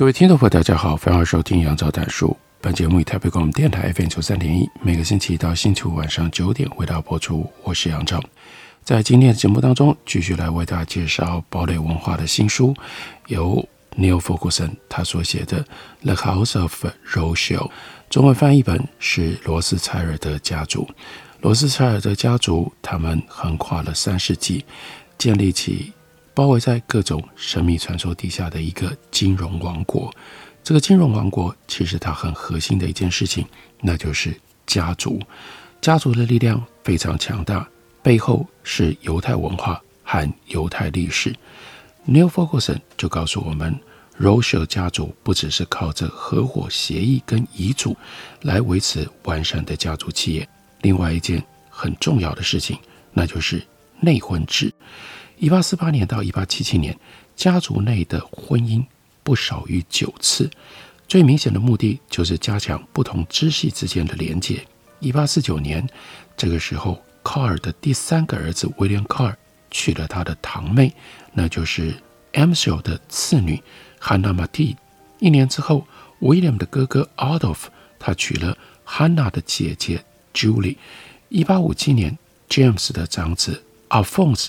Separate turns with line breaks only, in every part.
各位聽眾朋友，大家好，歡迎收聽楊照談書。本節目以臺北廣播電臺 FM 九三點一，每個星期一到星期五晚上九點為大家播出。我是楊照，在今天的節目當中，繼續來為大家介紹堡壘文化的新書，由 Neil Ferguson 他所寫的《The House of Rothschild》中文翻譯本是羅斯柴爾德家族。羅斯柴爾德家族，他們橫跨了三世紀，建立起，包圍在各種神秘傳說底下的一個金融王國，這個金融王國其實它很核心的一件事情，那就是家族。家族的力量非常強大，背後是猶太文化和猶太歷史。尼爾．弗格森就告訴我們，羅斯柴爾德家族不只是靠着合夥協議跟遺囑來維持完善的家族企業，另外一件很重要的事情，那就是內婚制。一八四八年到一八七七年，家族內的婚姻不少於九次。最明顯的目的就是加強不同支系之間的連接。一八四九年，這個時候，卡爾的第三個兒子威廉·卡爾娶了他的堂妹，那就是 Anselm 的次女 Hannah Mathilde 馬蒂。一年之後，William 的哥哥 Adolf 他娶了 Hannah 的姐姐 Julie。一八五七年，James 的長子 Alphonse。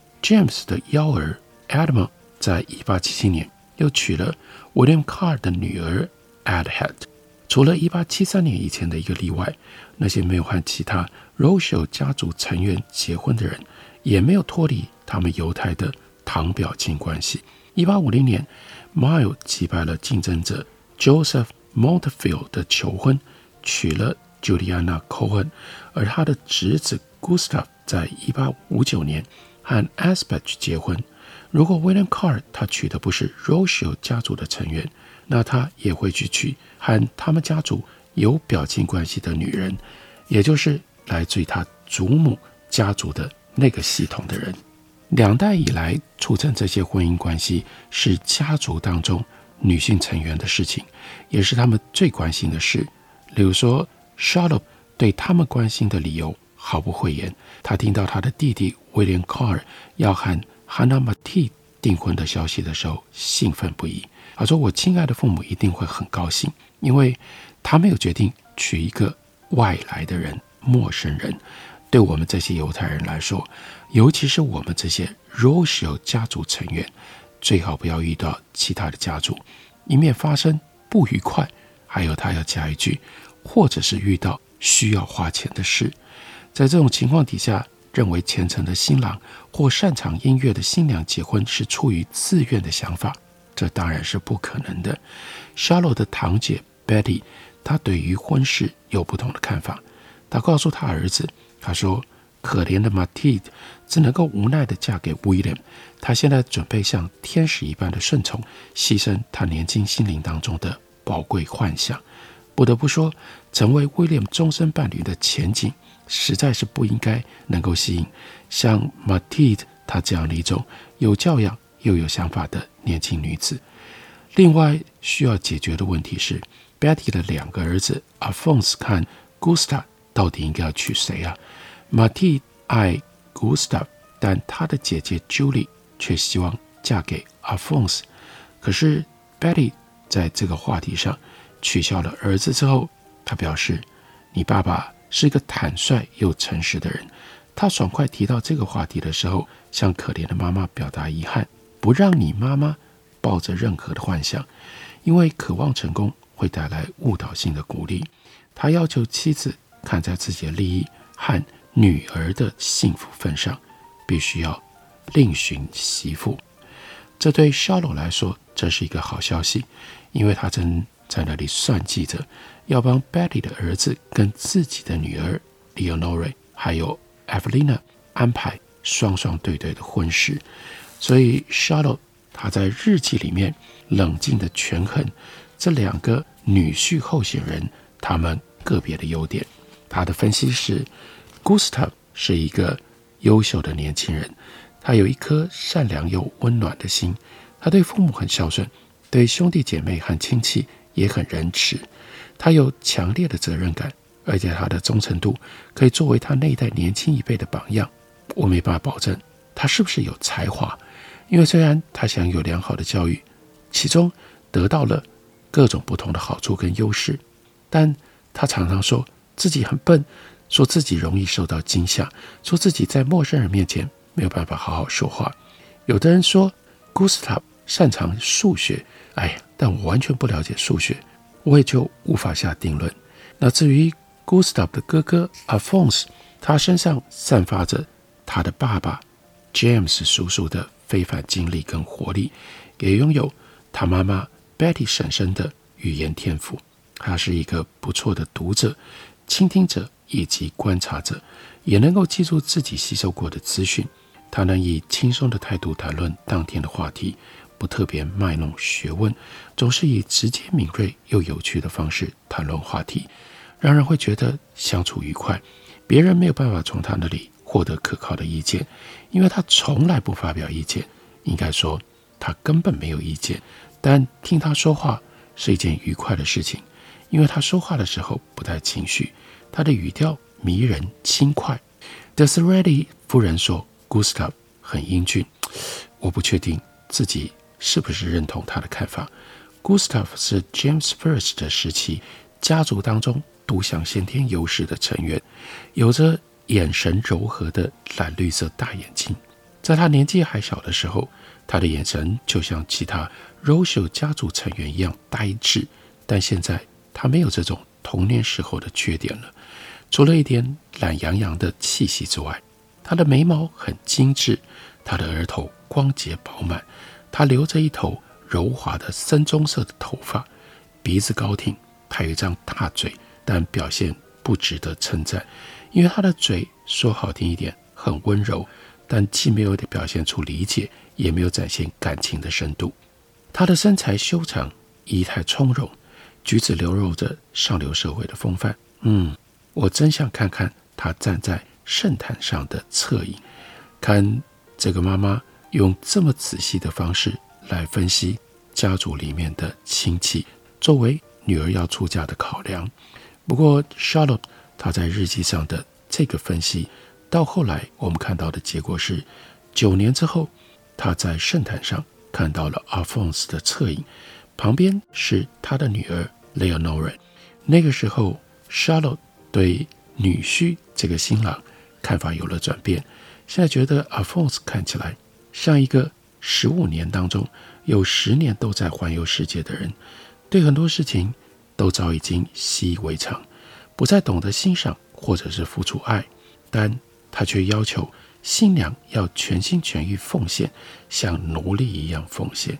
James 的幺兒 Adam 在1877年又娶了 William Carr 的女兒 Adelheid。除了一八七三年以前的一個例外，那些沒有和其他 Rothschild 家族成員結婚的人，也沒有脫離他們猶太的堂表親關係。一八五零年，Mile 擊敗了競爭者 Joseph Montefiore 的求婚，娶了 Juliana Cohen，而他的侄子 Gustav 在一八五九年。和 Asper 去結婚。如果 William Carr 他娶的不是 Rothschild 家族的成員，那他也會去娶和他們家族有表親關係的女人，也就是來自於他祖母家族的那個系統的人。兩代以來促成這些婚姻關係是家族當中女性成員的事情，也是他們最關心的事。例如說，Charlotte 對他們關心的理由。毫不諱言，他聽到他的弟弟威廉·卡爾要和哈娜·馬蒂訂婚的消息的時候，興奮不已。他說：“我親愛的父母一定會很高興，因為他沒有決定娶一個外來的人、陌生人。對我們這些猶太人來說，尤其是我們這些羅舍家族成員，最好不要遇到其他的家族，以免發生不愉快。還有，他要加一句，或者是遇到需要花錢的事。”在這種情況底下，認為虔誠的新郎或擅長音樂的新娘結婚是出於自願的想法，這當然是不可能的。Charlotte 的堂姐 Betty，她對於婚事有不同的看法。她告訴她兒子，她說：“可憐的 Matilde 只能夠無奈地嫁給 William。她現在準備像天使一般的順從，犧牲她年輕心靈當中的寶貴幻想。”不得不說，成為 William 終身伴侶的前景。實在是不應該能夠吸引像 Marty 她這樣的一種有教養又有想法的年輕女子。另外需要解決的問題是，Betty 的兩個兒子 Alphonse 和 Gustav 到底應該要娶誰啊？Marty 愛 Gustav，但她的姐姐 Julie 卻希望嫁給 Alphonse。可是 Betty 在這個話題上取消了兒子之後，她表示：“你爸爸。”是一個坦率又誠實的人。他爽快提到這個話題的時候，向可憐的媽媽表達遺憾，不讓你媽媽抱着任何的幻想，因為渴望成功會帶來誤導性的鼓勵。他要求妻子看在自己的利益和女兒的幸福份上，必須要另尋媳婦。這對肖洛來說，這是一個好消息，因為他真。在那裡算計着，要幫 Betty 的兒子跟自己的女兒 Leonore 還有 Evelina 安排雙雙對對的婚事。所以 Shadow 他在日記裡面冷靜的權衡這兩個女婿候選人，他們個別的優點。他的分析是，Gustav 是一個優秀的年輕人，他有一顆善良又溫暖的心，他對父母很孝順，對兄弟姐妹和親戚。也很仁慈，他有強烈的責任感，而且他的忠誠度可以作為他那一代年輕一輩的榜樣。我沒辦法保證他是不是有才華，因為雖然他享有良好的教育，其中得到了各種不同的好處跟優勢，但他常常說自己很笨，說自己容易受到驚嚇，說自己在陌生人面前沒有辦法好好說話。有的人說，古斯塔夫擅長數學，哎呀。但我完全不了解數學，我也就無法下定論。那至於 Gustav 的哥哥 Alphonse，他身上散發着他的爸爸 James 叔叔的非凡經歷跟活力，也擁有他媽媽 Betty 嬸嬸的語言天賦。他是一個不錯的讀者、傾聽者以及觀察者，也能夠記住自己吸收過的資訊。他能以輕鬆的態度談論當天的話題。不特別賣弄學問，總是以直接、敏銳又有趣的方式談論話題，讓人會覺得相處愉快。別人沒有辦法從他那裡獲得可靠的意見，因為他從來不發表意見。應該說，他根本沒有意見。但聽他說話是一件愉快的事情，因為他說話的時候不帶情緒，他的語調迷人輕快。德斯雷利夫人說：“古斯塔夫很英俊。”我不確定自己。是不是認同他的看法？Gustav 是 James First 的時期家族當中獨享先天優勢的成員，有着眼神柔和的藍綠色大眼睛。在他年紀還小的時候，他的眼神就像其他 Rothschild 家族成員一樣呆滯，但現在他沒有這種童年時候的缺點了。除了一點懶洋洋的氣息之外，他的眉毛很精緻，他的額頭光潔飽滿。她留着一頭柔滑的深棕色的頭髮，鼻子高挺，還有一張大嘴，但表現不值得稱讚，因為她的嘴說好聽一點很溫柔，但既沒有一點表現出理解，也沒有展現感情的深度。她的身材修長，儀態從容，舉止流露着上流社會的風範。嗯，我真想看看她站在聖壇上的側影，看這個媽媽。用這麼仔細的方式來分析家族裡面的親戚，作為女兒要出嫁的考量。不過，Charlotte 她在日記上的這個分析，到後來我們看到的結果是，九年之後，她在聖壇上看到了阿方斯的側影，旁邊是她的女兒 Leonore。那個時候，Charlotte 對女婿這個新郎看法有了轉變，現在覺得阿方斯看起來。像一個十五年當中有十年都在環遊世界的人，對很多事情都早已經習以為常，不再懂得欣賞或者是付出愛，但他卻要求新娘要全心全意奉獻，像奴隸一樣奉獻。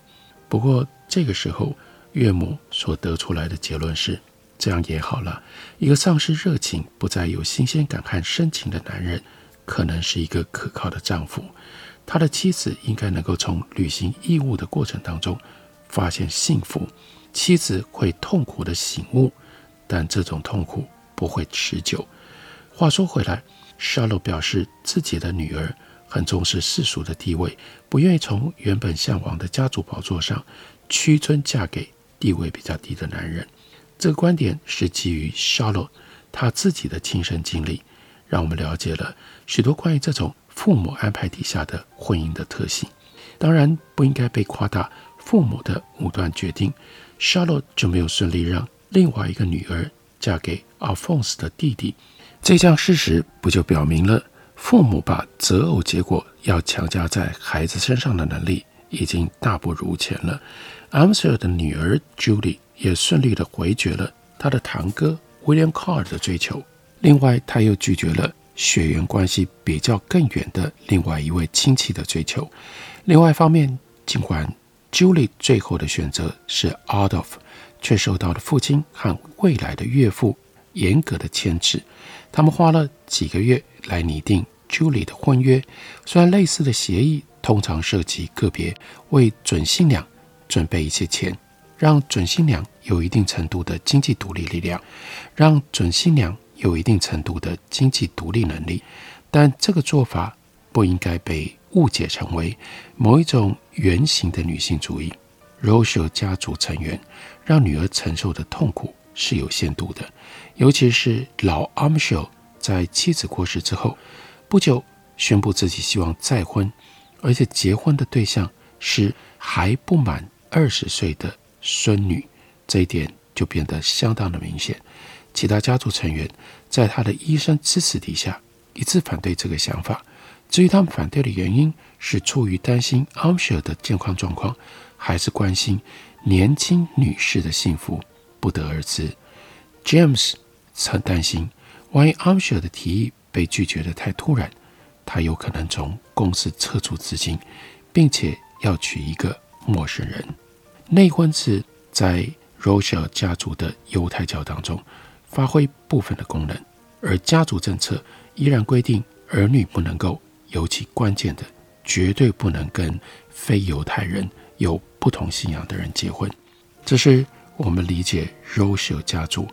不過這個時候，岳母所得出來的結論是：這樣也好了，一個喪失熱情、不再有新鮮感和深情的男人，可能是一個可靠的丈夫。他的妻子應該能夠從履行義務的過程當中發現幸福，妻子會痛苦的醒悟，但這種痛苦不會持久。話說回來，Charlotte 表示自己的女兒很重視世俗的地位，不願意從原本向往的家族寶座上屈尊嫁給地位比較低的男人。這個觀點是基於 Charlotte 他自己的親身經歷，讓我們了解了許多關於這種。父母安排底下的婚姻的特性，當然不應該被誇大。父母的武斷決定，Charlotte 就沒有順利讓另外一個女兒嫁給 Alphonse 的弟弟。這項事實不就表明了父母把擇偶結果要強加在孩子身上的能力已經大不如前了。Anselm 的女兒 Julie 也順利地回絕了她的堂哥 William Carr 的追求，另外她又拒絕了。血緣關係比較更遠的另外一位親戚的追求。另外一方面，儘管 Julie 最後的選擇是 Adolf，卻受到了父親和未來的岳父嚴格的牽制。他們花了幾個月來擬定 Julie 的婚約。雖然類似的協議通常涉及個別為準新娘準備一些錢，讓準新娘有一定程度的經濟獨立力量，讓準新娘。有一定程度的經濟獨立能力，但這個做法不應該被誤解成為某一種原型的女性主義。羅斯柴爾德家族成員讓女兒承受的痛苦是有限度的，尤其是老阿姆謝爾在妻子過世之後不久宣布自己希望再婚，而且結婚的對象是還不滿二十歲的孫女，這一點就變得相當的明顯。其他家族成員在他的醫生支持底下一致反對這個想法。至於他們反對的原因是出於擔心阿舍的健康狀況，還是關心年輕女士的幸福，不得而知。James 曾擔心，萬一阿舍的提議被拒絕得太突然，他有可能從公司撤出資金，並且要娶一個陌生人。內婚制在 Rothschild 家族的猶太教當中，發揮部分的功能，而家族政策依然規定兒女不能夠，尤其關鍵的，絕對不能跟非猶太人有不同信仰的人結婚。這是我們理解羅斯柴爾德家族，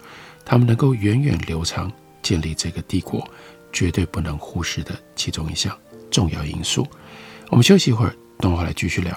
他們能夠源遠流長建立這個帝國，絕對不能忽視的其中一項重要因素。我們休息一會兒，等會兒來繼續聊。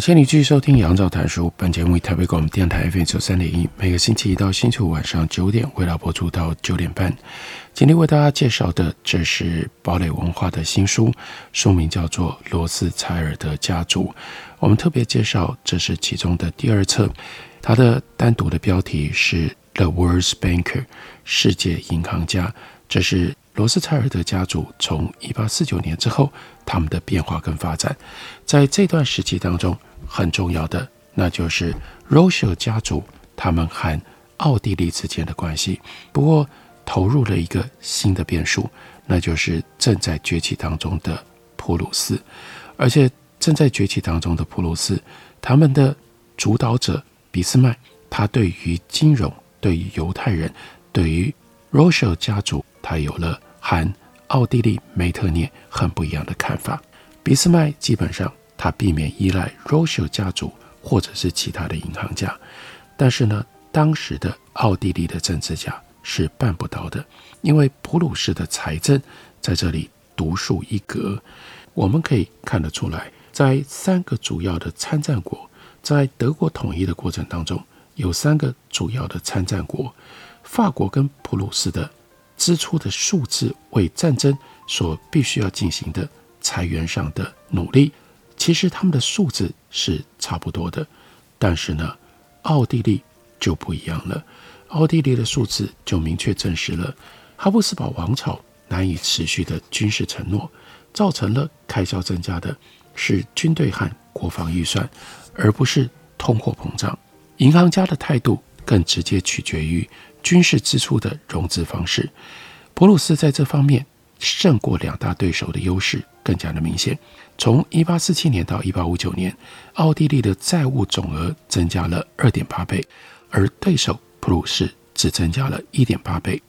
請你繼續收聽《楊照談書》本節目，台北廣播電臺 FM 九三點一，每個星期一到星期五晚上九點，為大家播出到九點半。今天為大家介紹的，這是堡壘文化的新書，書名叫做《羅斯柴爾德家族》。我們特別介紹，這是其中的第二冊，它的單獨的標題是《The World's Banker》世界銀行家。這是羅斯柴爾德家族從一八四九年之後，他們的變化跟發展，在這段時期當中。很重要的，那就是羅斯柴爾德家族他們和奧地利之間的關係。不過，投入了一個新的變數，那就是正在崛起當中的普魯士，而且正在崛起當中的普魯士，他們的主導者俾斯麥，他對於金融、對於猶太人、對於羅斯柴爾德家族，他有了和奧地利梅特涅很不一樣的看法。俾斯麥基本上。他避免依賴羅斯柴爾德家族或者是其他的銀行家，但是呢，當時的奧地利的政治家是辦不到的，因為普魯士的財政在這裡獨樹一格。我們可以看得出來，在三個主要的參戰國，在德國統一的過程當中，有三個主要的參戰國，法國跟普魯士的支出的數字為戰爭所必須要進行的財源上的努力。其實他們的數字是差不多的，但是呢，奧地利就不一樣了。奧地利的數字就明確證實了哈布斯堡王朝難以持續的軍事承諾，造成了開銷增加的是軍隊和國防預算，而不是通貨膨脹。銀行家的態度更直接取決於軍事支出的融資方式。普魯士在這方面。勝過兩大對手的優勢更加的明顯。從1847年到1859年，奧地利的債務總額增加了2.8倍，而對手普魯士只增加了一點八倍。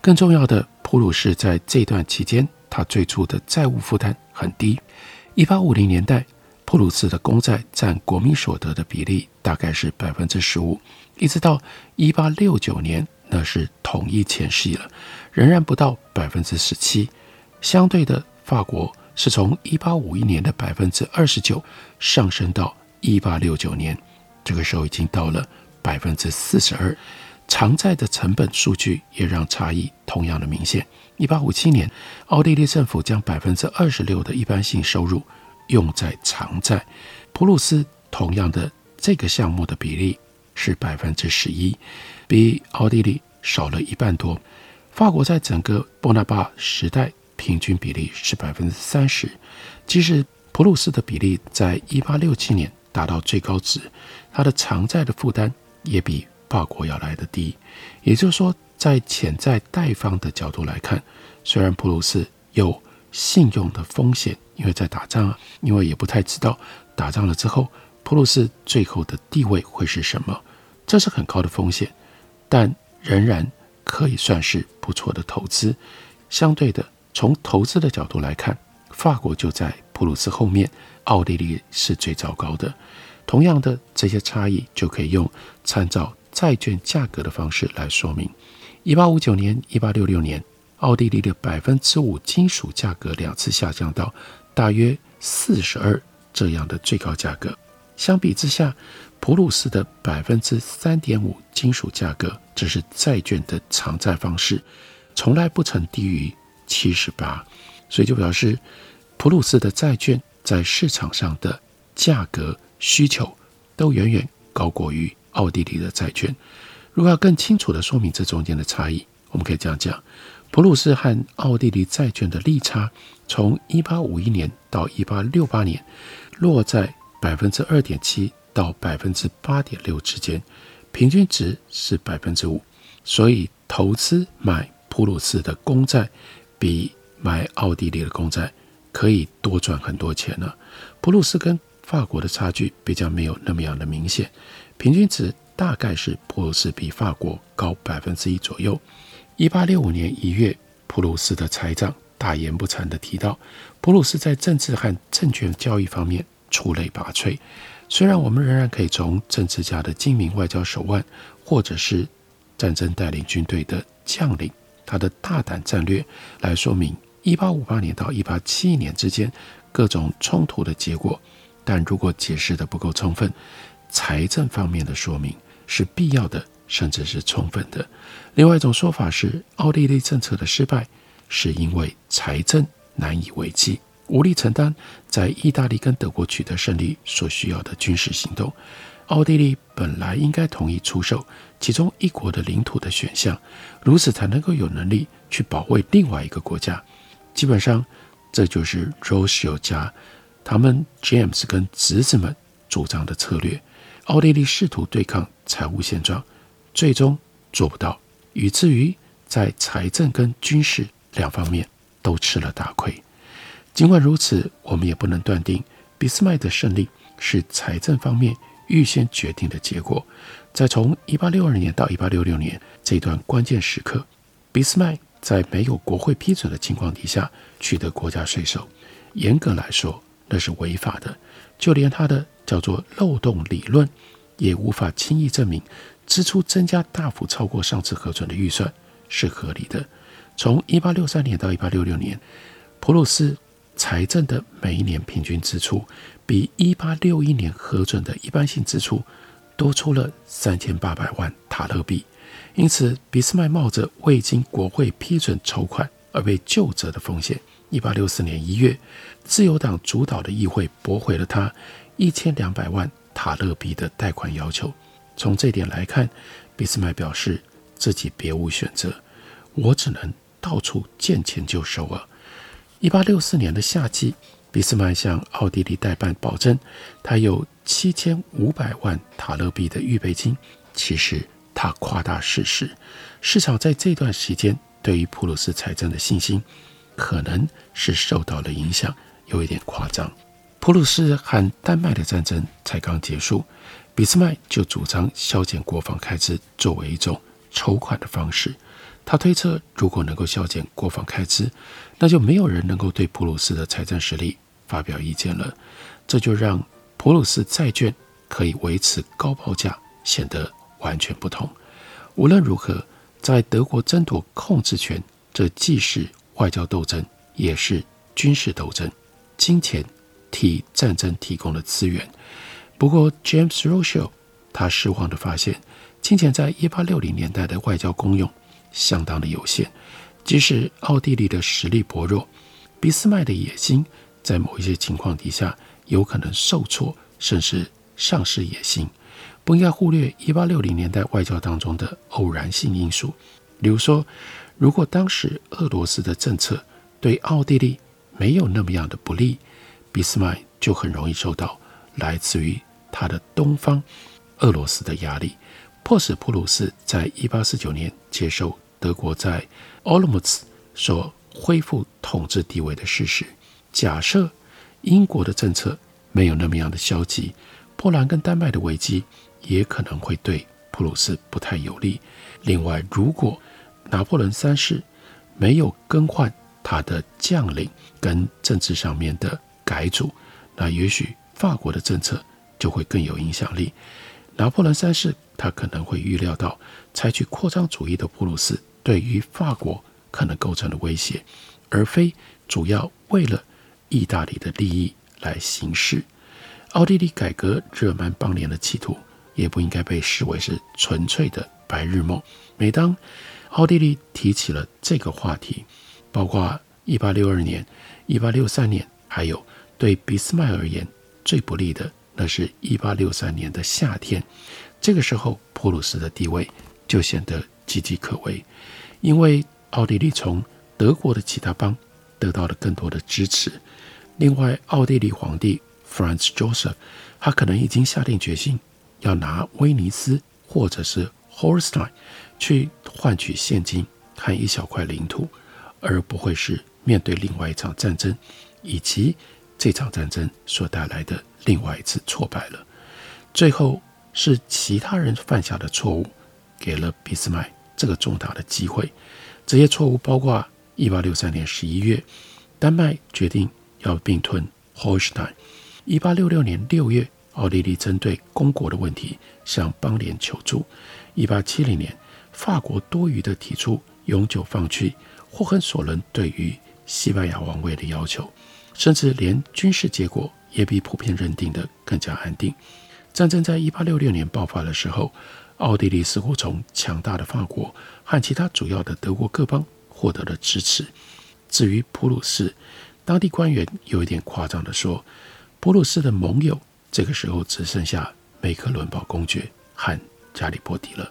更重要的，普魯士在這段期間，他最初的債務負擔很低。1850年代，普魯士的公債占國民所得的比例大概是百分之十五，一直到1869年，那是統一前夕了，仍然不到百分之十七。相對的，法國是從一八五一年的百分之二十九上升到一八六九年，這個時候已經到了百分之四十二。償債的成本數據也讓差異同樣的明顯。一八五七年，奧地利政府將百分之二十六的一般性收入用在償債，普魯士同樣的這個項目的比例是百分之十一，比奧地利，少了一半多，法國在整個波拿巴時代平均比例是百分之三十，即使普魯士的比例在一八六七年達到最高值，它的償債的負擔也比法國要來得低。也就是說，在潛在貸方的角度來看，雖然普魯士有信用的風險，因為在打仗啊，因為也不太知道打仗了之後普魯士最後的地位會是什麼，這是很高的風險，但。仍然可以算是不錯的投資。相對的，從投資的角度來看，法國就在普魯士後面，奧地利是最糟糕的。同樣的，這些差異就可以用參照債券價格的方式來說明。一八五九年、一八六六年，奧地利的百分之五金屬價格兩次下降到大約四十二這樣的最高價格。相比之下，普魯士的百分之三點五金屬價格，這是債券的償債方式，從來不曾低於七十八，所以就表示普魯士的債券在市場上的價格需求都遠遠高過於奧地利的債券。如果要更清楚地說明這中間的差異，我們可以這樣講：普魯士和奧地利債券的利差，從一八五一年到一八六八年，落在百分之二點七。到百分之八點六之間，平均值是百分之五，所以投資買普魯士的公債，比買奧地利的公債可以多賺很多錢了、啊。普魯士跟法國的差距比較沒有那麼樣的明顯，平均值大概是普魯士比法國高百分之一左右。一八六五年一月，普魯士的財長大言不慚地提到，普魯士在政治和證券交易方面出類拔萃。雖然我們仍然可以從政治家的精明外交手腕，或者是戰爭帶領軍隊的將領他的大膽戰略來說明1858年到1871年之間各種衝突的結果，但如果解釋得不夠充分，財政方面的說明是必要的，甚至是充分的。另外一種說法是，奧地利政策的失敗是因為財政難以為繼。無力承擔在意大利跟德國取得勝利所需要的軍事行動。奧地利本來應該同意出售其中一國的領土的選項，如此才能夠有能力去保衛另外一個國家。基本上，這就是羅斯柴爾德家、他們 James 跟侄子們主張的策略。奧地利試圖對抗財務現狀，最終做不到，以至於在財政跟軍事兩方面都吃了大虧。儘管如此，我們也不能斷定俾斯麥的勝利是財政方面預先決定的結果。在從1862年到1866年這段關鍵時刻，俾斯麥在沒有國會批准的情況底下取得國家稅收，嚴格來說那是違法的。就連他的叫做“漏洞理論”也無法輕易證明支出增加大幅超過上次核准的預算是合理的。從1863年到1866年，普魯士。財政的每一年平均支出比1861年核准的一般性支出多出了3800萬塔勒幣，因此俾斯麥冒着未經國會批准籌款而被究責的風險，1864年1月，自由黨主導的議會駁回了他1200萬塔勒幣的貸款要求。從這點來看，俾斯麥表示自己別無選擇，我只能到處見錢就收了，啊。一八六四年的夏季，俾斯麥向奧地利代辦保證，他有七千五百萬塔勒幣的預備金。其實他誇大事實，市場在這段時間對於普魯士財政的信心，可能是受到了影響，有一點誇張。普魯士和丹麥的戰爭才剛結束，俾斯麥就主張削減國防開支作為一種籌款的方式。他推測，如果能夠削減國防開支，那就沒有人能夠對普魯士的財政實力發表意見了，這就讓普魯士債券可以維持高報價顯得完全不同。無論如何，在德國爭奪控制權，這既是外交鬥爭，也是軍事鬥爭。金錢替戰爭提供了資源。不過，James Rothschild 他失望地發現，金錢在一八六零年代的外交功用相當的有限。即使奧地利的實力薄弱，俾斯麥的野心在某一些情況底下有可能受挫，甚至喪失野心，不應該忽略一八六零年代外交當中的偶然性因素。比如說，如果當時俄羅斯的政策對奧地利沒有那麼樣的不利，俾斯麥就很容易受到來自於他的東方，俄羅斯的壓力，迫使普魯士在一八四九年接受。德國在奧洛穆茨所恢復統治地位的事實。假設英國的政策沒有那麼樣的消極，波蘭跟丹麥的危機也可能會對普魯士不太有利。另外，如果拿破崙三世沒有更換他的將領跟政治上面的改組，那也許法國的政策就會更有影響力。拿破崙三世他可能會預料到，採取擴張主義的普魯士。對於法國可能構成的威脅，而非主要為了意大利的利益來行事。奧地利改革日耳曼邦聯的企圖，也不應該被視為是純粹的白日夢。每當奧地利提起了這個話題，包括1862年、1863年，還有對俾斯麥而言最不利的，那是1863年的夏天。這個時候，普魯士的地位就顯得岌岌可危。因為奧地利從德國的其他邦得到了更多的支持，另外，奧地利皇帝 Franz Joseph，他可能已經下定決心要拿威尼斯或者是 Holstein 去換取現金和一小塊領土，而不會是面對另外一場戰爭，以及這場戰爭所帶來的另外一次挫敗了。最後是其他人犯下的錯誤，給了俾斯麥。這個重大的機會，這些錯誤包括：一八六三年十一月，丹麥決定要併吞霍爾施泰因；一八六六年六月，奧地利針對公國的問題向邦聯求助；一八七零年，法國多餘的提出永久放棄霍亨索倫對於西班牙王位的要求，甚至連軍事結果也比普遍認定的更加安定。戰爭在一八六六年爆發的時候。奧地利似乎從強大的法國和其他主要的德國各邦獲得了支持。至於普魯士，當地官員有一點誇張地說：“普魯士的盟友這個時候只剩下梅克倫堡公爵和加里波迪了。”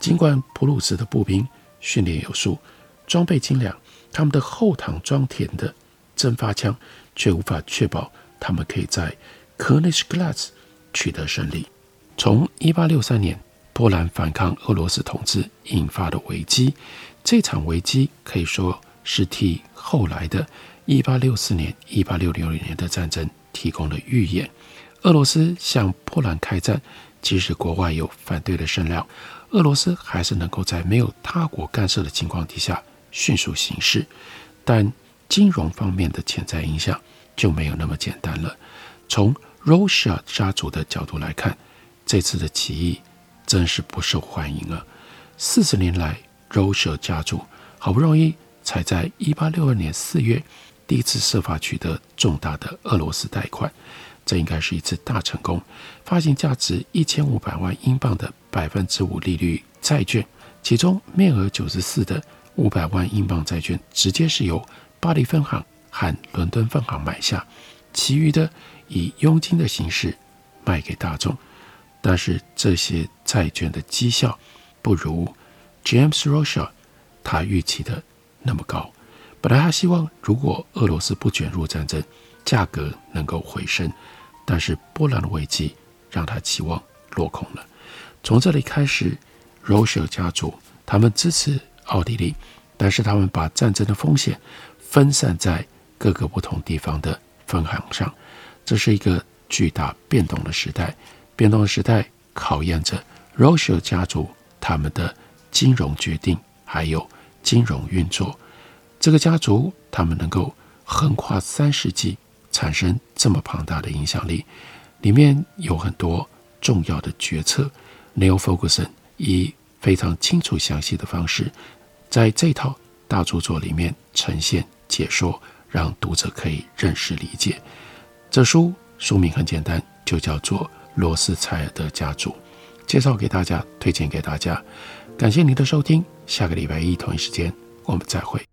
儘管普魯士的步兵訓練有素，裝備精良，他們的後膛裝填的針發槍卻無法確保他們可以在科內斯格拉斯取得勝利。從一八六三年。波蘭反抗俄羅斯統治引發的危機，這場危機可以說是替後來的1864年、1866年的戰爭提供了預演。俄羅斯向波蘭開戰，即使國外有反對的聲浪，俄羅斯還是能夠在沒有他國干涉的情況底下迅速行事。但金融方面的潛在影響就沒有那麼簡單了。從羅斯柴爾德家族的角度來看，這次的起義。真是不受歡迎啊。四十年來，歐 e 家族好不容易才在1862年4月第一次設法取得重大的俄羅斯貸款，這應該是一次大成功。發行價值1500萬英鎊的5%利率債券，其中面額94的500萬英鎊債券直接是由巴黎分行和倫敦分行買下，其餘的以佣金的形式賣給大眾。但是這些債券的績效不如 James Rothschild 他預期的那麼高。本來他希望，如果俄羅斯不捲入戰爭，價格能夠回升。但是波蘭的危機讓他期望落空了。從這裡開始，Rothschild 家族他們支持奧地利，但是他們把戰爭的風險分散在各個不同地方的分行上。這是一個巨大變動的時代。變動的時代考驗着 Rothschild 家族他們的金融決定，還有金融運作。這個家族他們能夠橫跨三世紀，產生這麼龐大的影響力，裡面有很多重要的決策。Niall Ferguson 以非常清楚詳細的方式，在這套大著作裡面呈現解說，讓讀者可以認識理解。這書書名很簡單，就叫做。羅斯柴爾德家族，介紹給大家，推薦給大家。感謝您的收聽，下個禮拜一同一時間，我們再會。